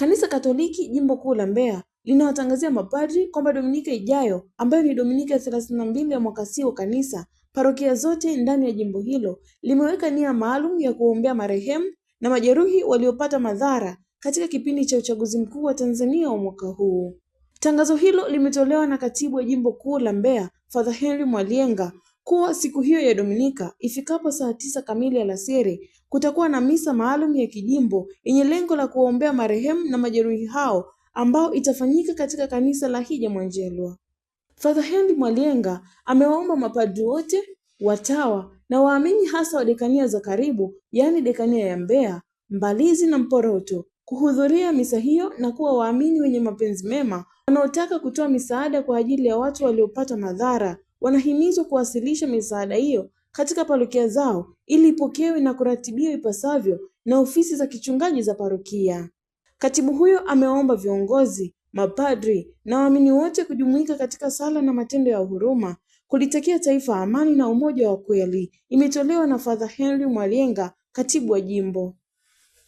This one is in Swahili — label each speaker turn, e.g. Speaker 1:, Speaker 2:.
Speaker 1: Kanisa Katoliki Jimbo Kuu la Mbeya linawatangazia mapadri kwamba Dominika ijayo ambayo ni Dominika ya thelathini na mbili ya mwaka C wa kanisa, parokia zote ndani ya jimbo hilo limeweka nia maalum ya kuombea marehemu na majeruhi waliopata madhara katika kipindi cha uchaguzi mkuu wa Tanzania wa mwaka huu. Tangazo hilo limetolewa na katibu wa Jimbo Kuu la Mbeya, Father Henry Mwalyenga kuwa siku hiyo ya Dominika ifikapo saa tisa kamili alasiri kutakuwa na misa maalum ya kijimbo yenye lengo la kuwaombea marehemu na majeruhi hao ambao itafanyika katika kanisa la Hija Mwanjelwa. Father Henry Mwalenga amewaomba mapadri wote,
Speaker 2: watawa
Speaker 1: na waamini hasa wa dekania za karibu, yaani dekania ya Mbeya, Mbalizi na Mporoto kuhudhuria misa hiyo na kuwa waamini wenye mapenzi mema wanaotaka kutoa misaada kwa ajili ya watu waliopata madhara wanahimizwa kuwasilisha misaada hiyo katika parokia zao ili ipokewe na kuratibiwa ipasavyo na ofisi za kichungaji za parokia. Katibu huyo ameomba viongozi, mapadri na waamini wote kujumuika katika sala na matendo ya huruma kulitakia taifa amani na umoja wa kweli. Imetolewa na Father Henry Mwalenga, katibu wa jimbo.